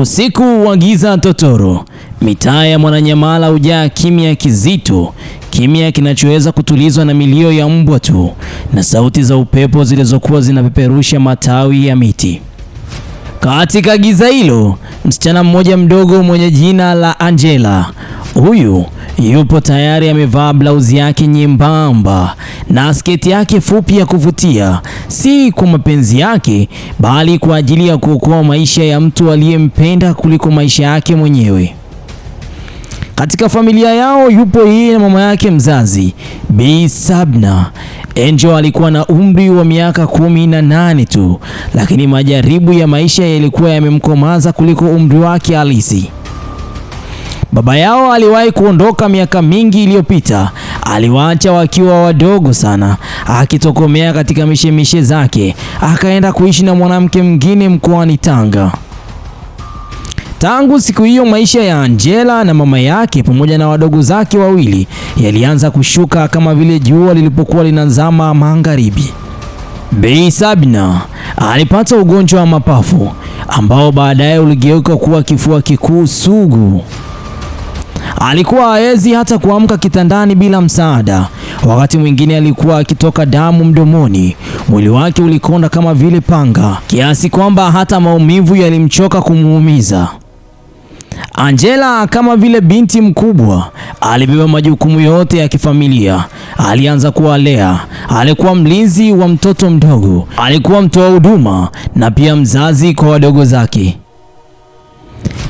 Usiku wa giza totoro, mitaa ya Mwananyamala hujaa kimya kizito, kimya kinachoweza kutulizwa na milio ya mbwa tu na sauti za upepo zilizokuwa zinapeperusha matawi ya miti. Katika giza hilo, msichana mmoja mdogo mwenye jina la Angela, huyu Yupo tayari amevaa blauzi yake nyembamba na sketi yake fupi ya kuvutia, si kwa mapenzi yake, bali kwa ajili ya kuokoa maisha ya mtu aliyempenda kuliko maisha yake mwenyewe. Katika familia yao yupo yeye na mama yake mzazi Bi Sabna. Angel alikuwa na umri wa miaka kumi na nane tu, lakini majaribu ya maisha yalikuwa yamemkomaza kuliko umri wake halisi. Baba yao aliwahi kuondoka miaka mingi iliyopita, aliwaacha wakiwa wadogo sana, akitokomea katika mishemishe zake, akaenda kuishi na mwanamke mwingine mkoani Tanga. Tangu siku hiyo maisha ya Angela na mama yake pamoja na wadogo zake wawili yalianza kushuka kama vile jua lilipokuwa linazama magharibi. Bei Sabina alipata ugonjwa wa mapafu ambao baadaye uligeuka kuwa kifua kikuu sugu. Alikuwa hawezi hata kuamka kitandani bila msaada. Wakati mwingine alikuwa akitoka damu mdomoni. Mwili wake ulikonda kama vile panga, kiasi kwamba hata maumivu yalimchoka kumuumiza. Angela kama vile binti mkubwa alibeba majukumu yote ya kifamilia. Alianza kuwalea, alikuwa mlinzi wa mtoto mdogo, alikuwa mtoa huduma na pia mzazi kwa wadogo zake.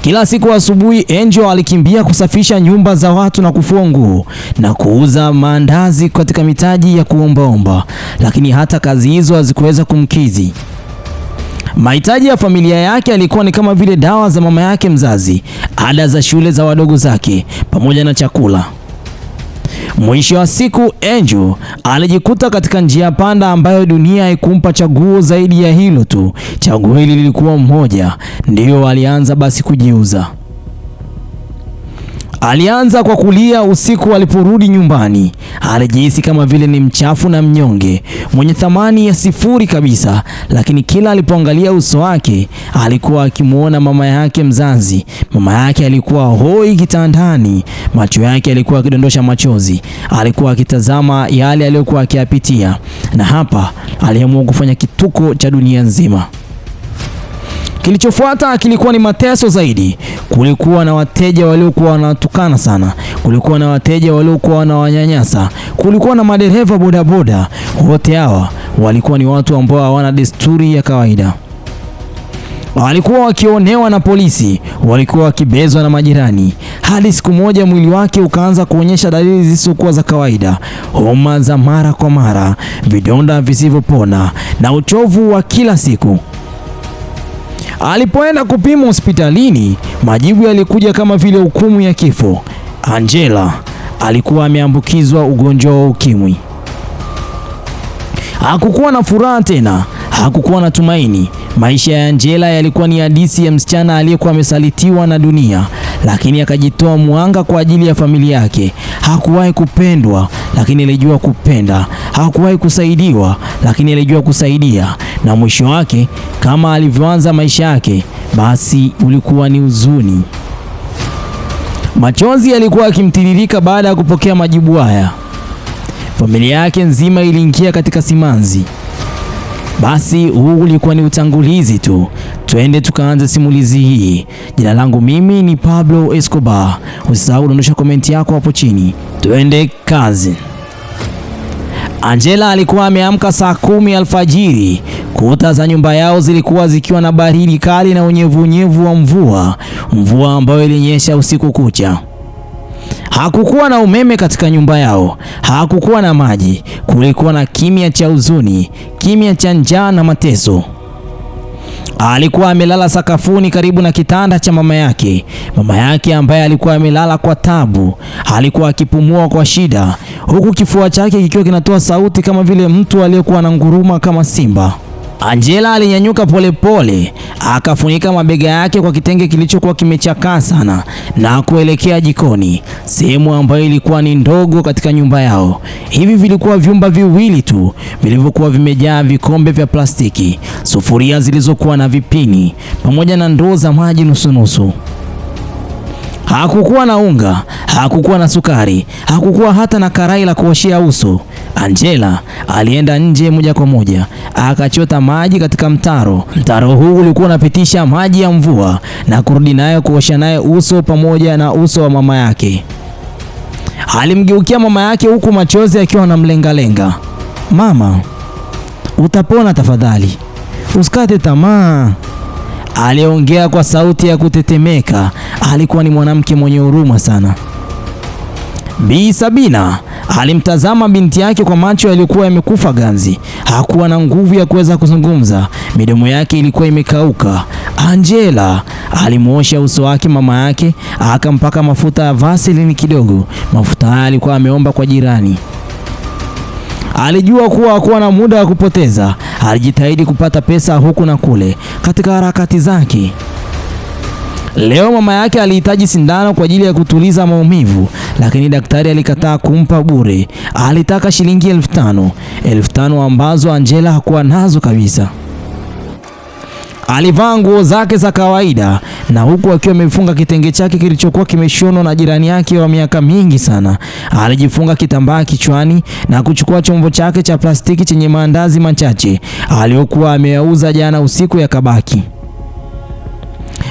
Kila siku asubuhi Angel alikimbia kusafisha nyumba za watu na kufua nguo na kuuza maandazi katika mitaji ya kuombaomba, lakini hata kazi hizo hazikuweza kumkidhi. Mahitaji ya familia yake alikuwa ni kama vile dawa za mama yake mzazi, ada za shule za wadogo zake, pamoja na chakula. Mwisho wa siku, Angel alijikuta katika njia panda ambayo dunia haikumpa chaguo zaidi ya hilo tu. Chaguo hili lilikuwa mmoja ndiyo alianza basi kujiuza. Alianza kwa kulia usiku aliporudi nyumbani. Alijihisi kama vile ni mchafu na mnyonge, mwenye thamani ya sifuri kabisa, lakini kila alipoangalia uso wake alikuwa akimwona mama yake mzazi. Mama yake alikuwa hoi kitandani, macho yake alikuwa akidondosha machozi, alikuwa akitazama yale aliyokuwa akiyapitia, na hapa aliamua kufanya kituko cha dunia nzima. Kilichofuata kilikuwa ni mateso zaidi. Kulikuwa na wateja waliokuwa wanatukana sana, kulikuwa na wateja waliokuwa wanawanyanyasa, kulikuwa na madereva bodaboda. Wote hawa walikuwa ni watu ambao hawana desturi ya kawaida walikuwa wakionewa na polisi, walikuwa wakibezwa na majirani, hadi siku moja mwili wake ukaanza kuonyesha dalili zisizokuwa za kawaida: homa za mara kwa mara, vidonda visivyopona na uchovu wa kila siku. Alipoenda kupimwa hospitalini, majibu yalikuja kama vile hukumu ya kifo. Angela alikuwa ameambukizwa ugonjwa wa ukimwi. Hakukuwa na furaha tena, hakukuwa na tumaini. Maisha ya Angela yalikuwa ni hadithi ya msichana aliyekuwa amesalitiwa na dunia, lakini akajitoa mwanga kwa ajili ya familia yake. Hakuwahi kupendwa, lakini alijua kupenda. Hakuwahi kusaidiwa, lakini alijua kusaidia. Na mwisho wake kama alivyoanza maisha yake, basi ulikuwa ni huzuni. Machozi yalikuwa yakimtiririka baada ya kupokea majibu haya. Familia yake nzima iliingia katika simanzi. Basi huu ulikuwa ni utangulizi tu. Twende tukaanze simulizi hii. Jina langu mimi ni Pablo Escobar. Usisahau dondosha komenti yako hapo chini, twende kazi. Angela alikuwa ameamka saa kumi alfajiri. Kuta za nyumba yao zilikuwa zikiwa na baridi kali na unyevunyevu wa mvua, mvua ambayo ilinyesha usiku kucha. Hakukuwa na umeme katika nyumba yao, hakukuwa na maji, kulikuwa na kimya cha huzuni, kimya cha njaa na mateso. Alikuwa amelala sakafuni karibu na kitanda cha mama yake. Mama yake ambaye alikuwa amelala kwa tabu, alikuwa akipumua kwa shida, huku kifua chake kikiwa kinatoa sauti kama vile mtu aliyekuwa ananguruma kama simba. Angela alinyanyuka polepole akafunika mabega yake kwa kitenge kilichokuwa kimechakaa sana na kuelekea jikoni, sehemu ambayo ilikuwa ni ndogo katika nyumba yao. Hivi vilikuwa vyumba viwili tu vilivyokuwa vimejaa vikombe vya plastiki, sufuria zilizokuwa na vipini pamoja na ndoo za maji nusunusu. Hakukuwa na unga, hakukuwa na sukari, hakukuwa hata na karai la kuoshea uso. Angela alienda nje moja kwa moja akachota maji katika mtaro. Mtaro huu ulikuwa unapitisha maji ya mvua na kurudi nayo kuosha naye uso pamoja na uso wa mama yake. Alimgeukia mama yake huku machozi akiwa anamlengalenga. Mama, utapona tafadhali, usikate tamaa, aliongea kwa sauti ya kutetemeka. Alikuwa ni mwanamke mwenye huruma sana. Bi Sabina Alimtazama binti yake kwa macho yaliyokuwa yamekufa ganzi. Hakuwa na nguvu ya kuweza kuzungumza, midomo yake ilikuwa imekauka. Angela alimwosha uso wake mama yake, akampaka mafuta ya vaselini kidogo. Mafuta haya alikuwa ameomba kwa jirani. Alijua kuwa hakuwa na muda wa kupoteza. Alijitahidi kupata pesa huku na kule katika harakati zake. Leo mama yake alihitaji sindano kwa ajili ya kutuliza maumivu, lakini daktari alikataa kumpa bure. Alitaka shilingi elfu tano, elfu tano ambazo Angela hakuwa nazo kabisa. Alivaa nguo zake za kawaida na huku akiwa amefunga kitenge chake kilichokuwa kimeshonwa na jirani yake wa miaka mingi sana. Alijifunga kitambaa kichwani na kuchukua chombo chake cha plastiki chenye maandazi machache aliyokuwa ameyauza jana usiku ya kabaki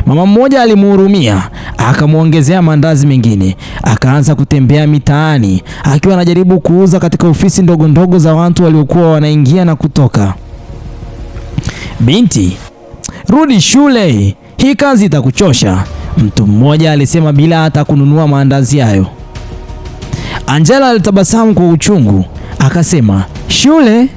Mama mmoja alimuhurumia, akamwongezea maandazi mengine. Akaanza kutembea mitaani akiwa anajaribu kuuza katika ofisi ndogo ndogo za watu waliokuwa wanaingia na kutoka. Binti, rudi shule, hii kazi itakuchosha, mtu mmoja alisema bila hata kununua maandazi hayo. Angela alitabasamu kwa uchungu akasema, shule?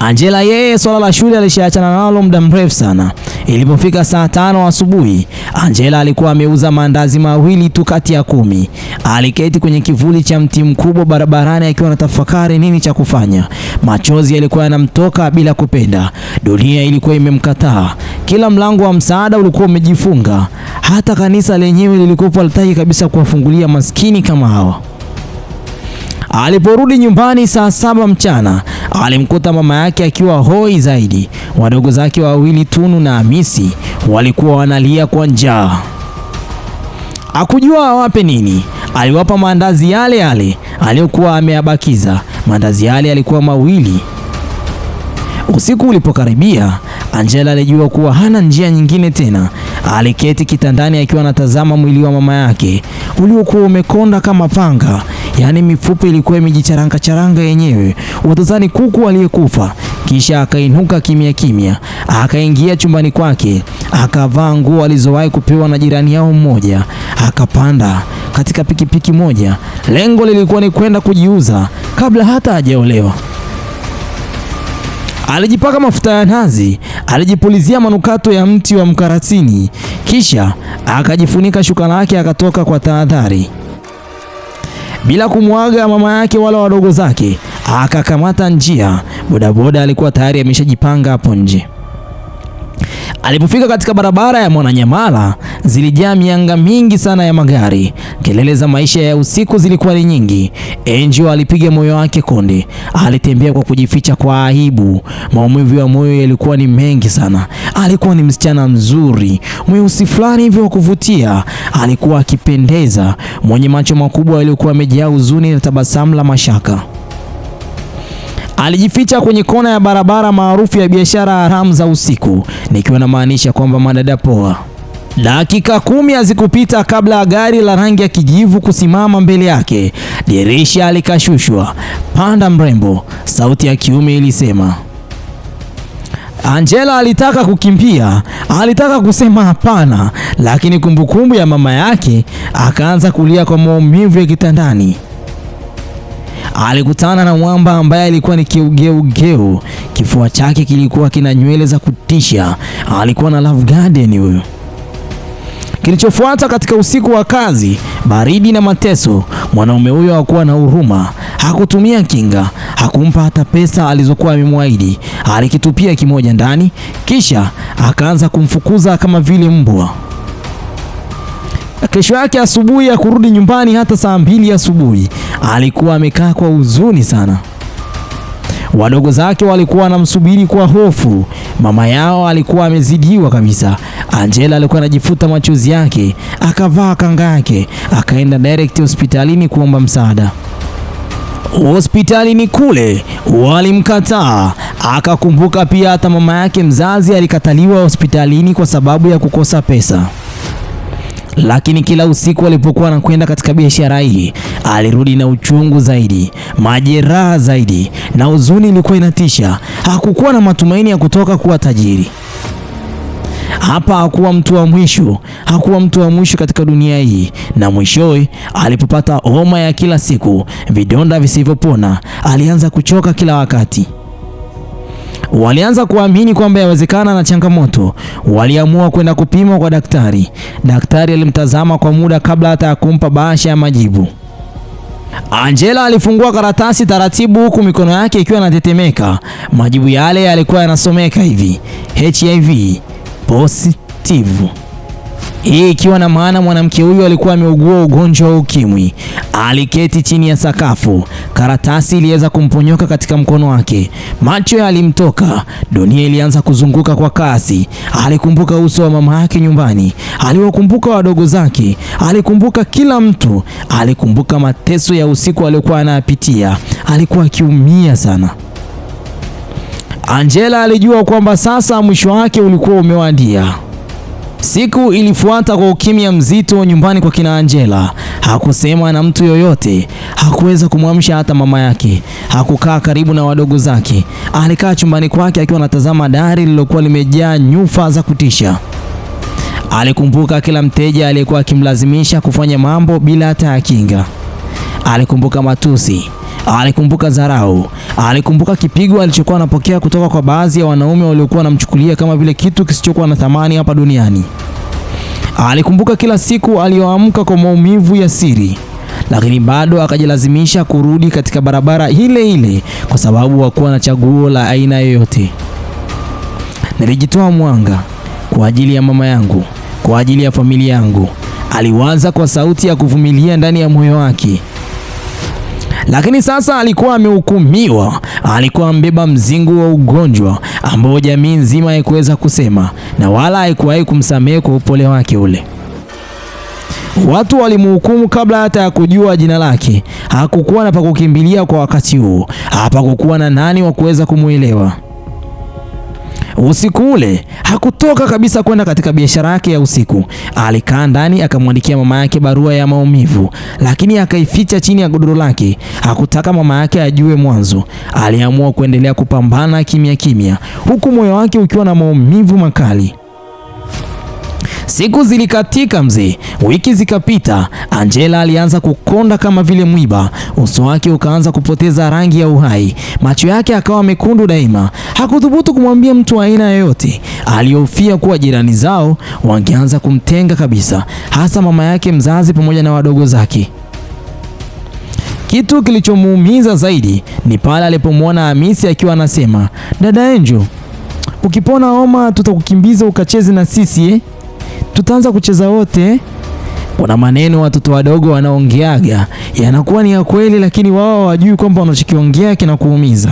Angela yeye, swala la shule alishaachana nalo muda mrefu sana. Ilipofika saa tano asubuhi, Angela alikuwa ameuza maandazi mawili tu kati ya kumi. Aliketi kwenye kivuli cha mti mkubwa barabarani akiwa anatafakari nini cha kufanya. Machozi yalikuwa yanamtoka bila kupenda. Dunia ilikuwa imemkataa. Kila mlango wa msaada ulikuwa umejifunga. Hata kanisa lenyewe lilikuwa halitaki kabisa kuwafungulia maskini kama hawa. Aliporudi nyumbani saa saba mchana, alimkuta mama yake akiwa hoi zaidi. Wadogo zake wawili Tunu na Hamisi walikuwa wanalia kwa njaa, hakujua awape nini. Aliwapa maandazi yale yale aliyokuwa ameyabakiza. Maandazi yale yalikuwa mawili. Usiku ulipokaribia, Angela alijua kuwa hana njia nyingine tena. Aliketi kitandani akiwa anatazama mwili wa mama yake uliokuwa umekonda kama panga yaani mifupa ilikuwa imejicharanga charanga yenyewe, watazani kuku aliyekufa. Kisha akainuka kimya kimya, akaingia chumbani kwake, akavaa nguo alizowahi kupewa na jirani yao mmoja, akapanda katika pikipiki moja. Lengo lilikuwa ni kwenda kujiuza kabla hata hajaolewa. Alijipaka mafuta ya nazi, alijipulizia manukato ya mti wa mkaratini kisha akajifunika shuka lake, akatoka kwa tahadhari bila kumwaga mama yake wala wadogo zake, akakamata njia. Bodaboda alikuwa tayari ameshajipanga hapo nje. Alipofika katika barabara ya Mwananyamala zilijaa mianga mingi sana ya magari. Kelele za maisha ya usiku zilikuwa ni nyingi. Angel alipiga moyo wake konde, alitembea kwa kujificha kwa aibu. Maumivu ya moyo yalikuwa ni mengi sana. Alikuwa ni msichana mzuri mweusi fulani hivyo wa kuvutia, alikuwa akipendeza, mwenye macho makubwa yaliyokuwa yamejaa huzuni na tabasamu la mashaka. Alijificha kwenye kona ya barabara maarufu ya biashara haramu za usiku, nikiwa na maanisha kwamba madada poa. Dakika kumi hazikupita kabla ya gari la rangi ya kijivu kusimama mbele yake. Dirisha alikashushwa. Panda mrembo, sauti ya kiume ilisema. Angela alitaka kukimbia, alitaka kusema hapana, lakini kumbukumbu ya mama yake akaanza kulia kwa maumivu ya kitandani. Alikutana na mwamba ambaye alikuwa ni keugeugeu, kifua chake kilikuwa kina nywele za kutisha. Alikuwa na Love Garden huyu. Kilichofuata katika usiku wa kazi, baridi na mateso, mwanaume huyo hakuwa na huruma, hakutumia kinga, hakumpa hata pesa alizokuwa amemwahidi. Alikitupia kimoja ndani, kisha akaanza kumfukuza kama vile mbwa. Kesho yake asubuhi ya kurudi nyumbani hata saa mbili asubuhi, alikuwa amekaa kwa huzuni sana. Wadogo zake walikuwa wanamsubiri kwa hofu. Mama yao alikuwa amezidiwa kabisa. Angela alikuwa anajifuta machozi yake, akavaa kanga yake, akaenda direct hospitalini kuomba msaada. Hospitalini kule walimkataa. Akakumbuka pia hata mama yake mzazi alikataliwa hospitalini kwa sababu ya kukosa pesa lakini kila usiku alipokuwa anakwenda katika biashara hii alirudi na uchungu zaidi, majeraha zaidi, na huzuni ilikuwa inatisha. Hakukuwa na matumaini ya kutoka kuwa tajiri. Hapa hakuwa mtu wa mwisho, hakuwa mtu wa mwisho katika dunia hii. Na mwishowe, alipopata homa ya kila siku, vidonda visivyopona, alianza kuchoka kila wakati. Walianza kuamini kwamba yawezekana na changamoto. Waliamua kwenda kupimwa kwa daktari. Daktari alimtazama kwa muda kabla hata ya kumpa bahasha ya majibu. Angela alifungua karatasi taratibu, huku mikono yake ikiwa inatetemeka. Majibu yale yalikuwa yanasomeka hivi: HIV positive. Hii ikiwa na maana mwanamke huyo alikuwa ameugua ugonjwa wa ukimwi. Aliketi chini ya sakafu, karatasi iliweza kumponyoka katika mkono wake, macho yalimtoka, dunia ilianza kuzunguka kwa kasi. Alikumbuka uso wa mama yake nyumbani, aliwakumbuka wadogo zake, alikumbuka kila mtu, alikumbuka mateso ya usiku aliyokuwa anayapitia. Alikuwa akiumia sana. Angela alijua kwamba sasa mwisho wake ulikuwa umewadia. Siku ilifuata kwa ukimya mzito nyumbani kwa kina Angela. Hakusema na mtu yoyote, hakuweza kumwamsha hata mama yake, hakukaa karibu na wadogo zake. Alikaa chumbani kwake akiwa anatazama dari lililokuwa limejaa nyufa za kutisha. Alikumbuka kila mteja aliyekuwa akimlazimisha kufanya mambo bila hata ya kinga. Alikumbuka matusi Alikumbuka dharau, alikumbuka kipigo alichokuwa anapokea kutoka kwa baadhi ya wanaume waliokuwa wanamchukulia kama vile kitu kisichokuwa na thamani hapa duniani. Alikumbuka kila siku aliyoamka kwa maumivu ya siri, lakini bado akajilazimisha kurudi katika barabara ile ile kwa sababu hakuwa na chaguo la aina yoyote. Nilijitoa mwanga kwa ajili ya mama yangu, kwa ajili ya familia yangu, aliwaza kwa sauti ya kuvumilia ndani ya moyo wake lakini sasa alikuwa amehukumiwa, alikuwa ambeba mzingo wa ugonjwa ambao jamii nzima haikuweza kusema na wala haikuwahi kumsamehe kwa upole wake ule. Watu walimhukumu kabla hata ya kujua jina lake. Hakukuwa na pa kukimbilia kwa wakati huo, hapakukuwa na nani wa kuweza kumwelewa. Usiku ule hakutoka kabisa kwenda katika biashara yake ya usiku. Alikaa ndani akamwandikia mama yake barua ya maumivu, lakini akaificha chini ya godoro lake. Hakutaka mama yake ajue mwanzo. Aliamua kuendelea kupambana kimya kimya, huku moyo wake ukiwa na maumivu makali. Siku zilikatika mzee, wiki zikapita. Angela alianza kukonda kama vile mwiba, uso wake ukaanza kupoteza rangi ya uhai, macho yake akawa mekundu daima. Hakuthubutu kumwambia mtu aina yoyote, alihofia kuwa jirani zao wangeanza kumtenga kabisa, hasa mama yake mzazi pamoja na wadogo zake. Kitu kilichomuumiza zaidi ni pale alipomwona Hamisi akiwa anasema, dada Angel, ukipona homa tutakukimbiza ukacheze na sisi eh? tutaanza kucheza wote. Eh? Kuna maneno watoto wadogo wanaongeaga yanakuwa ni ya kweli, lakini wao hawajui kwamba wanachokiongea kinakuumiza.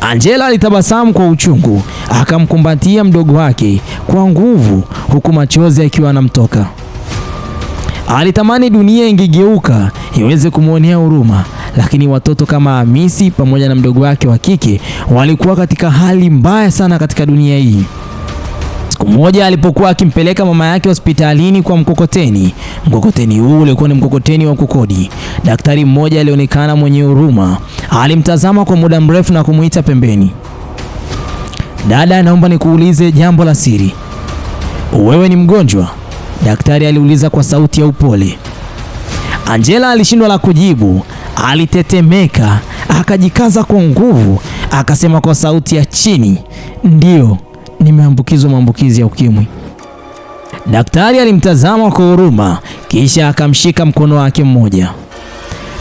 Angela alitabasamu kwa uchungu, akamkumbatia mdogo wake kwa nguvu, huku machozi akiwa anamtoka. Alitamani dunia ingegeuka iweze kumwonea huruma, lakini watoto kama Hamisi pamoja na mdogo wake wa kike walikuwa katika hali mbaya sana katika dunia hii. Siku moja alipokuwa akimpeleka mama yake hospitalini kwa mkokoteni, mkokoteni huu ulikuwa ni mkokoteni wa kukodi. Daktari mmoja alionekana mwenye huruma, alimtazama kwa muda mrefu na kumwita pembeni. Dada, naomba nikuulize jambo la siri. Wewe ni mgonjwa? Daktari aliuliza kwa sauti ya upole. Angela alishindwa la kujibu, alitetemeka, akajikaza kwa nguvu, akasema kwa sauti ya chini, ndiyo nimeambukizwa maambukizi ya ukimwi. Daktari alimtazama kwa huruma, kisha akamshika mkono wake mmoja.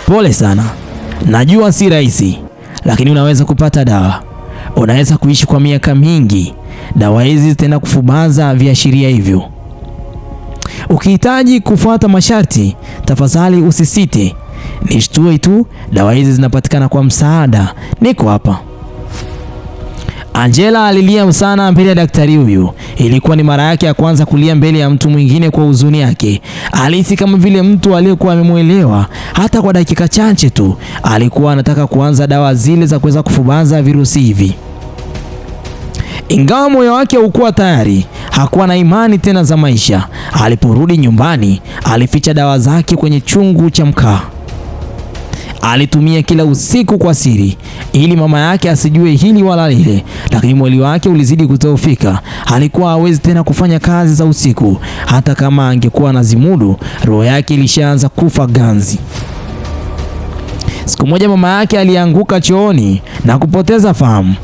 Pole sana, najua si rahisi, lakini unaweza kupata dawa. Unaweza kuishi kwa miaka mingi. Dawa hizi zitaenda kufubaza viashiria hivyo. Ukihitaji kufuata masharti, tafadhali usisite. Nishtue tu, dawa hizi zinapatikana kwa msaada. Niko hapa. Angela alilia sana mbele ya daktari huyu. Ilikuwa ni mara yake ya kwanza kulia mbele ya mtu mwingine kwa huzuni yake. Alihisi kama vile mtu aliyekuwa amemwelewa hata kwa dakika chache tu. Alikuwa anataka kuanza dawa zile za kuweza kufubaza virusi hivi. Ingawa moyo wake haukuwa tayari, hakuwa na imani tena za maisha. Aliporudi nyumbani, alificha dawa zake kwenye chungu cha mkaa alitumia kila usiku kwa siri, ili mama yake asijue hili wala lile, lakini mwili wake ulizidi kudhoofika. Alikuwa hawezi tena kufanya kazi za usiku, hata kama angekuwa na zimudu Roho yake ilishaanza kufa ganzi. Siku moja mama yake alianguka chooni na kupoteza fahamu.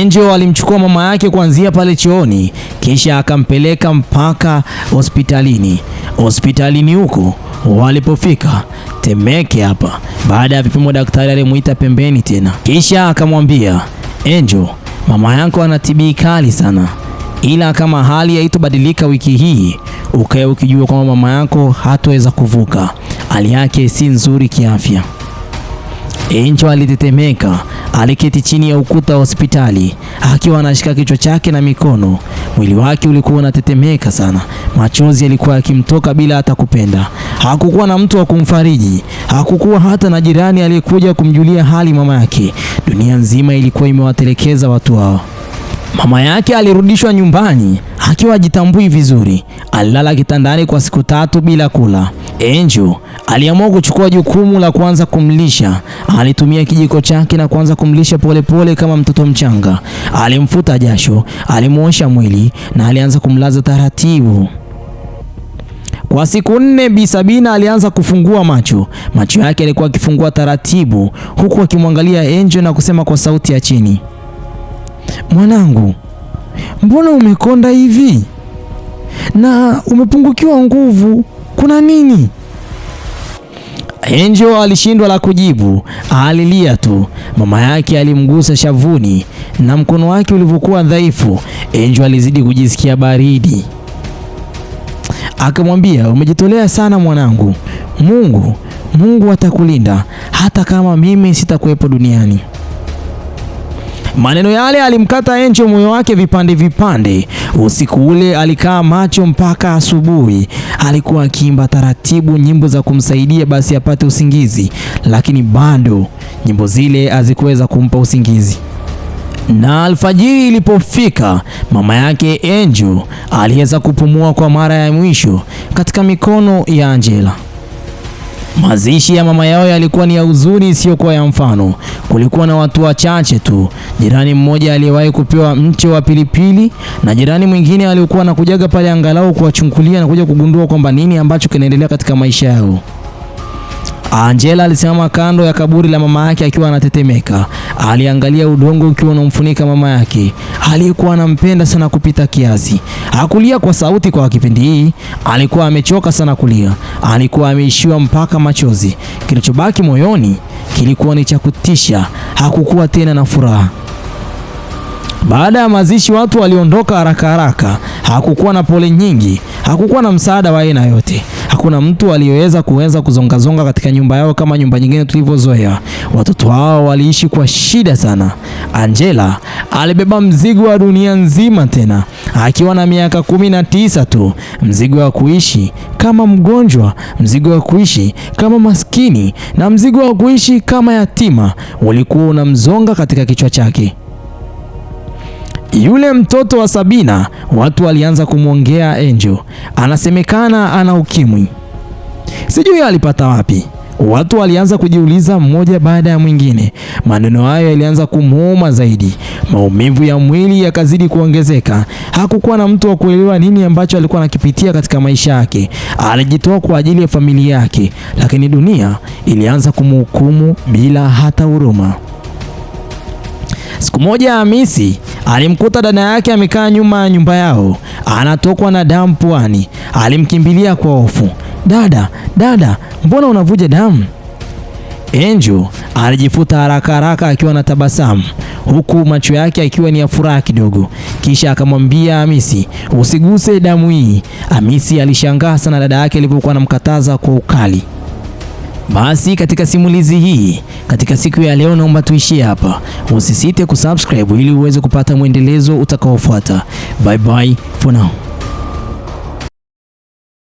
Angel alimchukua mama yake kuanzia pale chooni, kisha akampeleka mpaka hospitalini. Hospitalini huko Walipofika Temeke hapa, baada ya vipimo, daktari alimuita pembeni tena, kisha akamwambia Angel, mama yako ana TB kali sana, ila kama hali haitobadilika wiki hii, ukae ukijua kwamba mama yako hataweza kuvuka, hali yake si nzuri kiafya. Angel alitetemeka, aliketi chini ya ukuta wa hospitali akiwa anashika kichwa chake na mikono. Mwili wake ulikuwa unatetemeka sana, machozi yalikuwa yakimtoka bila hata kupenda hakukuwa na mtu wa kumfariji, hakukuwa hata na jirani aliyekuja kumjulia hali mama yake. Dunia nzima ilikuwa imewatelekeza watu hao. Mama yake alirudishwa nyumbani akiwa hajitambui vizuri. Alilala kitandani kwa siku tatu bila kula. Angel aliamua kuchukua jukumu la kuanza kumlisha. Alitumia kijiko chake na kuanza kumlisha polepole pole kama mtoto mchanga. Alimfuta jasho, alimwosha mwili na alianza kumlaza taratibu. Kwa siku nne, Bi Sabina alianza kufungua macho. Macho yake alikuwa akifungua taratibu, huku akimwangalia Angel na kusema kwa sauti ya chini, mwanangu, mbona umekonda hivi na umepungukiwa nguvu? Kuna nini? Angel alishindwa la kujibu, alilia tu. Mama yake alimgusa shavuni na mkono wake ulivyokuwa dhaifu, Angel alizidi kujisikia baridi akamwambia, umejitolea sana mwanangu. Mungu Mungu atakulinda hata kama mimi sitakuwepo duniani. Maneno yale alimkata enjo moyo wake vipande vipande. Usiku ule alikaa macho mpaka asubuhi. Alikuwa akiimba taratibu nyimbo za kumsaidia basi apate usingizi, lakini bado nyimbo zile hazikuweza kumpa usingizi. Na alfajiri ilipofika, mama yake Angel aliweza kupumua kwa mara ya mwisho katika mikono ya Angela. Mazishi ya mama yao yalikuwa ni ya huzuni isiyokuwa ya mfano. Kulikuwa na watu wachache tu, jirani mmoja aliyewahi kupewa mche wa pilipili na jirani mwingine aliokuwa anakujaga pale angalau kuwachungulia na kuja kugundua kwamba nini ambacho kinaendelea katika maisha yao. Angela alisimama kando ya kaburi la mama yake akiwa anatetemeka. Aliangalia udongo ukiwa unamfunika mama yake aliyekuwa anampenda sana kupita kiasi. Hakulia kwa sauti kwa kipindi hii, alikuwa amechoka sana kulia, alikuwa ameishiwa mpaka machozi. Kilichobaki moyoni kilikuwa ni cha kutisha. Hakukuwa tena na furaha. Baada ya mazishi watu waliondoka haraka haraka. Hakukuwa na pole nyingi, hakukuwa na msaada wa aina yote. Hakuna mtu aliyeweza kuweza kuzongazonga katika nyumba yao kama nyumba nyingine tulivyozoea. Watoto wao waliishi kwa shida sana. Angela alibeba mzigo wa dunia nzima, tena akiwa na miaka kumi na tisa tu, mzigo wa kuishi kama mgonjwa, mzigo wa kuishi kama maskini na mzigo wa kuishi kama yatima ulikuwa unamzonga katika kichwa chake. Yule mtoto wa Sabina watu walianza kumwongea Angel, anasemekana ana ukimwi, sijui alipata wapi. Watu walianza kujiuliza mmoja baada ya mwingine. Maneno hayo yalianza kumuuma zaidi, maumivu ya mwili yakazidi kuongezeka. Hakukuwa na mtu wa kuelewa nini ambacho alikuwa anakipitia katika maisha yake. Alijitoa kwa ajili ya familia yake, lakini dunia ilianza kumhukumu bila hata huruma. Siku moja Hamisi Alimkuta dada yake amekaa nyuma ya nyumba yao, anatokwa na damu puani. Alimkimbilia kwa hofu, dada, dada, mbona unavuja damu? Angel alijifuta haraka haraka akiwa na tabasamu huku macho yake akiwa ni ya furaha kidogo, kisha akamwambia Hamisi, usiguse damu hii. Hamisi alishangaa sana dada yake alivyokuwa anamkataza kwa ukali. Basi katika simulizi hii katika siku ya leo, naomba tuishie hapa. Usisite kusubscribe ili uweze kupata mwendelezo utakaofuata. Bye bye for now.